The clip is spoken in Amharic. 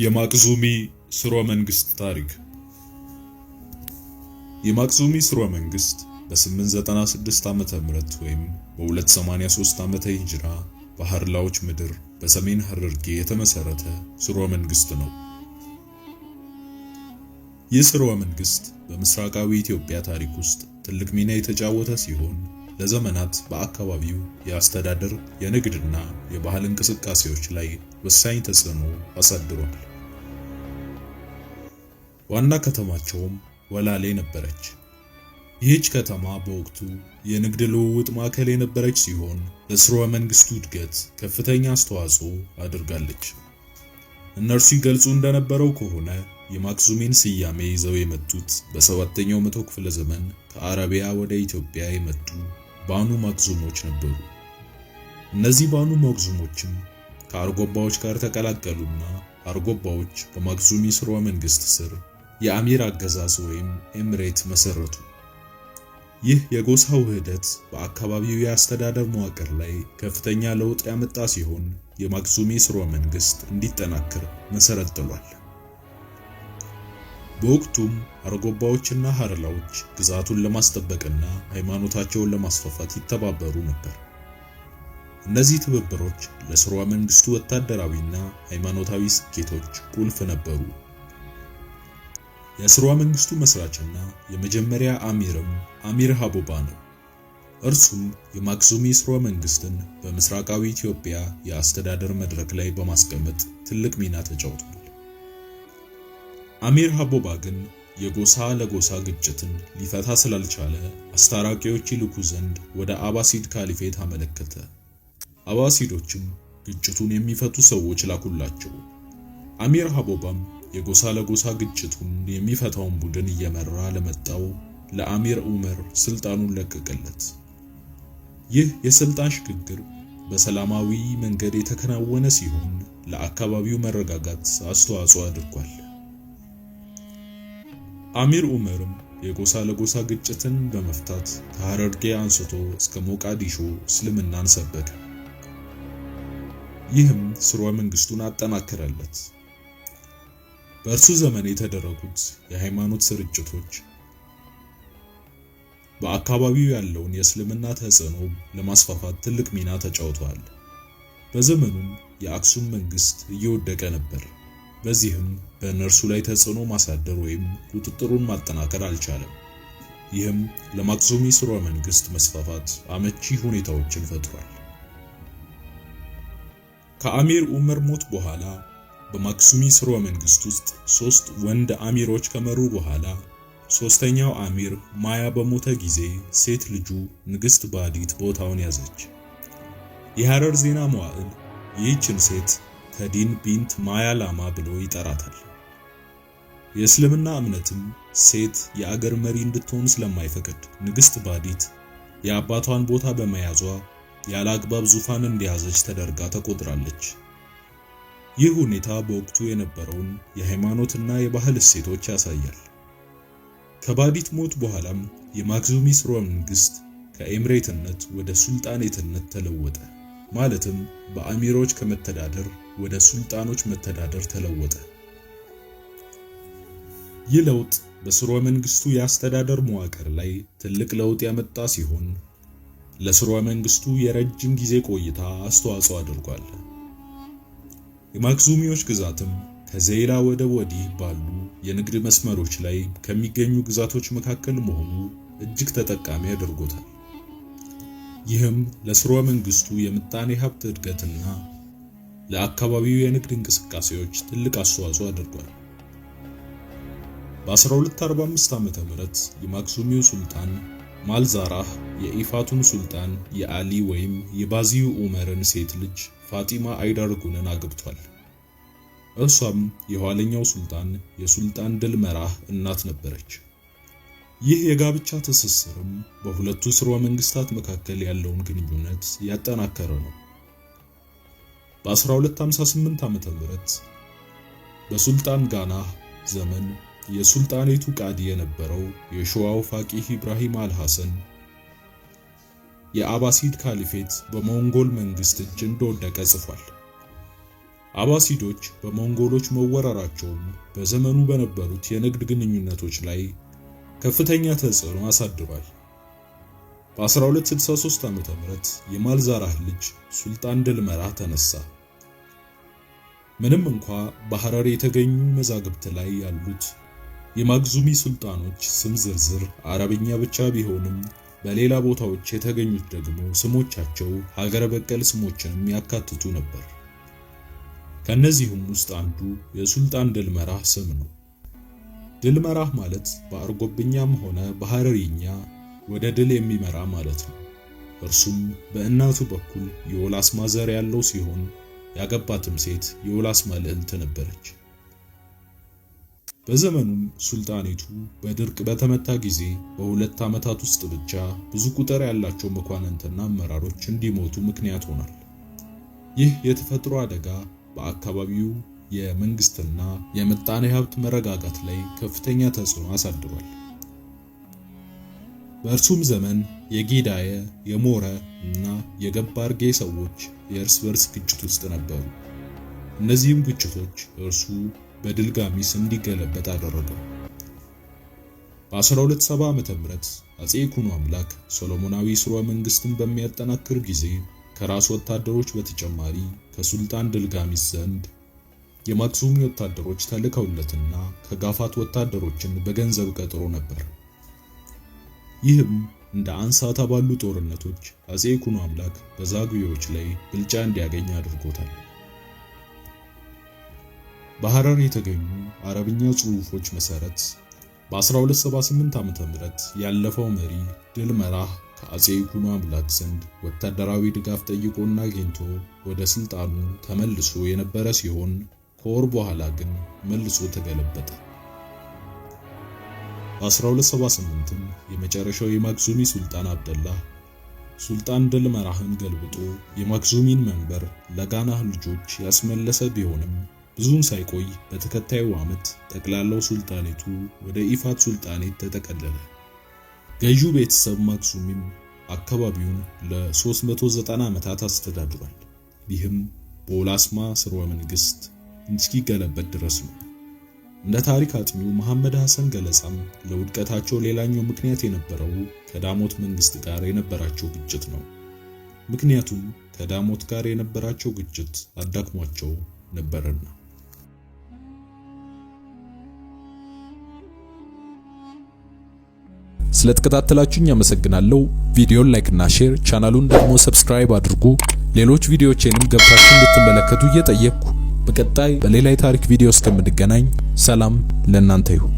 የማክዙሚ ስርወ መንግስት ታሪክ የማክዙሚ ስርወ መንግስት በ896 ዓመተ ምህረት ወይም በ283 ዓመተ ሂጅራ በሀርላዎች ምድር በሰሜን ሀረርጌ የተመሰረተ ስርወ መንግስት ነው። ይህ ስርወ መንግስት በምስራቃዊ ኢትዮጵያ ታሪክ ውስጥ ትልቅ ሚና የተጫወተ ሲሆን ለዘመናት በአካባቢው የአስተዳደር የንግድና የባህል እንቅስቃሴዎች ላይ ወሳኝ ተጽዕኖ አሳድሯል። ዋና ከተማቸውም ወላሌ ነበረች። ይህች ከተማ በወቅቱ የንግድ ልውውጥ ማዕከል የነበረች ሲሆን ለሥርወ መንግስቱ እድገት ከፍተኛ አስተዋጽኦ አድርጋለች። እነርሱ ይገልጹ እንደነበረው ከሆነ የማክዙሜን ስያሜ ይዘው የመጡት በሰባተኛው መቶ ክፍለ ዘመን ከአረቢያ ወደ ኢትዮጵያ የመጡ ባኑ መክዙሞች ነበሩ። እነዚህ ባኑ መክዙሞችም ከአርጎባዎች ጋር ተቀላቀሉና አርጎባዎች በማክዙሚ ስርወ መንግስት ስር የአሚር አገዛዝ ወይም ኤምሬት መሰረቱ። ይህ የጎሳ ውህደት በአካባቢው የአስተዳደር መዋቅር ላይ ከፍተኛ ለውጥ ያመጣ ሲሆን የማክዙሚ ስርወ መንግስት እንዲጠናከር መሰረት ጥሏል። በወቅቱም አረጎባዎችና ሀረላዎች ግዛቱን ለማስጠበቅና ሃይማኖታቸውን ለማስፋፋት ይተባበሩ ነበር። እነዚህ ትብብሮች ለስሯ መንግስቱ ወታደራዊና ሃይማኖታዊ ስኬቶች ቁልፍ ነበሩ። የሥርወ መንግስቱ መስራችና የመጀመሪያ አሚርም አሚር ሀቡባ ነው። እርሱም የማክሱሚ ሥርወ መንግስትን በምስራቃዊ ኢትዮጵያ የአስተዳደር መድረክ ላይ በማስቀመጥ ትልቅ ሚና ተጫውቷል። አሚር ሀቦባ ግን የጎሳ ለጎሳ ግጭትን ሊፈታ ስላልቻለ አስታራቂዎች ይልኩ ዘንድ ወደ አባሲድ ካሊፌት አመለከተ። አባሲዶችም ግጭቱን የሚፈቱ ሰዎች ላኩላቸው። አሚር ሀቦባም የጎሳ ለጎሳ ግጭቱን የሚፈታውን ቡድን እየመራ ለመጣው ለአሚር ዑመር ስልጣኑን ለቀቀለት። ይህ የስልጣን ሽግግር በሰላማዊ መንገድ የተከናወነ ሲሆን ለአካባቢው መረጋጋት አስተዋጽኦ አድርጓል። አሚር ኡመርም የጎሳ ለጎሳ ግጭትን በመፍታት ከሐረርጌ አንስቶ እስከ ሞቃዲሾ እስልምናን ሰበከ። ይህም ስርወ መንግስቱን አጠናከረለት። በእርሱ ዘመን የተደረጉት የሃይማኖት ስርጭቶች በአካባቢው ያለውን የእስልምና ተጽዕኖ ለማስፋፋት ትልቅ ሚና ተጫውተዋል። በዘመኑም የአክሱም መንግስት እየወደቀ ነበር። በዚህም በእነርሱ ላይ ተጽዕኖ ማሳደር ወይም ቁጥጥሩን ማጠናከር አልቻለም። ይህም ለማክሱሚ ስርወ መንግስት መስፋፋት አመቺ ሁኔታዎችን ፈጥሯል። ከአሚር ዑመር ሞት በኋላ በማክሱሚ ስርወ መንግስት ውስጥ ሶስት ወንድ አሚሮች ከመሩ በኋላ ሶስተኛው አሚር ማያ በሞተ ጊዜ ሴት ልጁ ንግስት ባዲት ቦታውን ያዘች። የሐረር ዜና መዋዕል ይህችን ሴት ከዲን ቢንት ማያላማ ብሎ ይጠራታል። የእስልምና እምነትም ሴት የአገር መሪ እንድትሆን ስለማይፈቅድ ንግሥት ባዲት የአባቷን ቦታ በመያዟ ያለ አግባብ ዙፋን እንደያዘች ተደርጋ ተቆጥራለች። ይህ ሁኔታ በወቅቱ የነበረውን የሃይማኖትና የባህል እሴቶች ያሳያል። ከባዲት ሞት በኋላም የማክሱሚ ስርወ መንግስት ከኤምሬትነት ወደ ሱልጣኔትነት ተለወጠ። ማለትም በአሚሮች ከመተዳደር ወደ ሱልጣኖች መተዳደር ተለወጠ። ይህ ለውጥ በስርወ መንግስቱ የአስተዳደር መዋቅር ላይ ትልቅ ለውጥ ያመጣ ሲሆን ለስርወ መንግስቱ የረጅም ጊዜ ቆይታ አስተዋጽኦ አድርጓል። የማክዙሚዎች ግዛትም ከዘይላ ወደብ ወዲህ ባሉ የንግድ መስመሮች ላይ ከሚገኙ ግዛቶች መካከል መሆኑ እጅግ ተጠቃሚ አድርጎታል። ይህም ለስርወ መንግስቱ የምጣኔ ሀብት እድገትና ለአካባቢው የንግድ እንቅስቃሴዎች ትልቅ አስተዋጽኦ አድርጓል። በ1245 ዓ.ም የማክሱሚው ሱልጣን ማልዛራህ የኢፋቱን ሱልጣን የአሊ ወይም የባዚዩ ዑመርን ሴት ልጅ ፋጢማ አይዳርጉንን አግብቷል። እርሷም የኋለኛው ሱልጣን የሱልጣን ድል መራህ እናት ነበረች። ይህ የጋብቻ ትስስርም በሁለቱ ስርወ መንግስታት መካከል ያለውን ግንኙነት ያጠናከረ ነው። በ1258 ዓ.ም በሱልጣን ጋና ዘመን የሱልጣኔቱ ቃዲ የነበረው የሸዋው ፋቂህ ኢብራሂም አልሐሰን የአባሲድ ካሊፌት በሞንጎል መንግስት እጅ እንደወደቀ ጽፏል። አባሲዶች በሞንጎሎች መወረራቸውም በዘመኑ በነበሩት የንግድ ግንኙነቶች ላይ ከፍተኛ ተጽዕኖ አሳድሯል። በ1263 ዓ.ም የማልዛራህ ልጅ ሱልጣን ደልመራ ተነሳ። ምንም እንኳ በሐረር የተገኙ መዛግብት ላይ ያሉት የማግዙሚ ሱልጣኖች ስም ዝርዝር አረብኛ ብቻ ቢሆንም በሌላ ቦታዎች የተገኙት ደግሞ ስሞቻቸው ሀገረ በቀል ስሞችንም ያካትቱ ነበር። ከእነዚህም ውስጥ አንዱ የሱልጣን ደልመራ ስም ነው። ድል መራህ ማለት በአርጎብኛም ሆነ በሐረሪኛ ወደ ድል የሚመራ ማለት ነው። እርሱም በእናቱ በኩል የወላስማ ዘር ያለው ሲሆን ያገባትም ሴት የወላስማ ልዕልት ነበረች። በዘመኑም ሱልጣኔቱ በድርቅ በተመታ ጊዜ በሁለት ዓመታት ውስጥ ብቻ ብዙ ቁጥር ያላቸው መኳንንትና አመራሮች እንዲሞቱ ምክንያት ሆኗል። ይህ የተፈጥሮ አደጋ በአካባቢው የመንግስትና የምጣኔ ሀብት መረጋጋት ላይ ከፍተኛ ተጽዕኖ አሳድሯል። በእርሱም ዘመን የጌዳየ የሞረ እና የገባርጌ ሰዎች የእርስ በርስ ግጭት ውስጥ ነበሩ። እነዚህም ግጭቶች እርሱ በድል ጋሚስ እንዲገለበጥ አደረገው። በ1270 ዓመተ ምህረት አጼ ይኩኖ አምላክ ሶሎሞናዊ ስርወ መንግስትን በሚያጠናክር ጊዜ ከራስ ወታደሮች በተጨማሪ ከሱልጣን ድልጋሚስ ዘንድ የማክሱሚ ወታደሮች ተልከውለትና ከጋፋት ወታደሮችን በገንዘብ ቀጥሮ ነበር። ይህም እንደ አንሳታ ባሉ ጦርነቶች አጼ ኩኖ አምላክ በዛጉዌዎች ላይ ብልጫ እንዲያገኝ አድርጎታል። በሐረር የተገኙ አረብኛ ጽሑፎች መሰረት በ1278 ዓ.ም ያለፈው መሪ ድል መራህ ከአጼ ይኩኖ አምላክ ዘንድ ወታደራዊ ድጋፍ ጠይቆና አግኝቶ ወደ ስልጣኑ ተመልሶ የነበረ ሲሆን ከወር በኋላ ግን መልሶ ተገለበጠ። በ1278ም የመጨረሻው የማክዙሚ ሱልጣን አብደላህ ሱልጣን ድል መራህን ገልብጦ የማክዙሚን መንበር ለጋናህ ልጆች ያስመለሰ ቢሆንም ብዙም ሳይቆይ በተከታዩ ዓመት ጠቅላላው ሱልጣኔቱ ወደ ኢፋት ሱልጣኔት ተጠቀለለ። ገዢው ቤተሰብ ማክዙሚም አካባቢውን ለ390 ዓመታት አስተዳድሯል። ይህም በኦላስማ ስርወ መንግስት እስኪገለበት ድረስ ነው። እንደ ታሪክ አጥኚው መሐመድ ሐሰን ገለጻም ለውድቀታቸው ሌላኛው ምክንያት የነበረው ከዳሞት መንግስት ጋር የነበራቸው ግጭት ነው። ምክንያቱም ከዳሞት ጋር የነበራቸው ግጭት አዳክሟቸው ነበርና። ስለተከታተላችሁኝ አመሰግናለሁ። ቪዲዮን ላይክና ሼር፣ ቻናሉን ደግሞ ሰብስክራይብ አድርጉ። ሌሎች ቪዲዮዎቼንም ገብታችሁ እንድትመለከቱ እየጠየቅኩ በቀጣይ በሌላ የታሪክ ቪዲዮ እስከምንገናኝ ሰላም ለእናንተ ይሁን።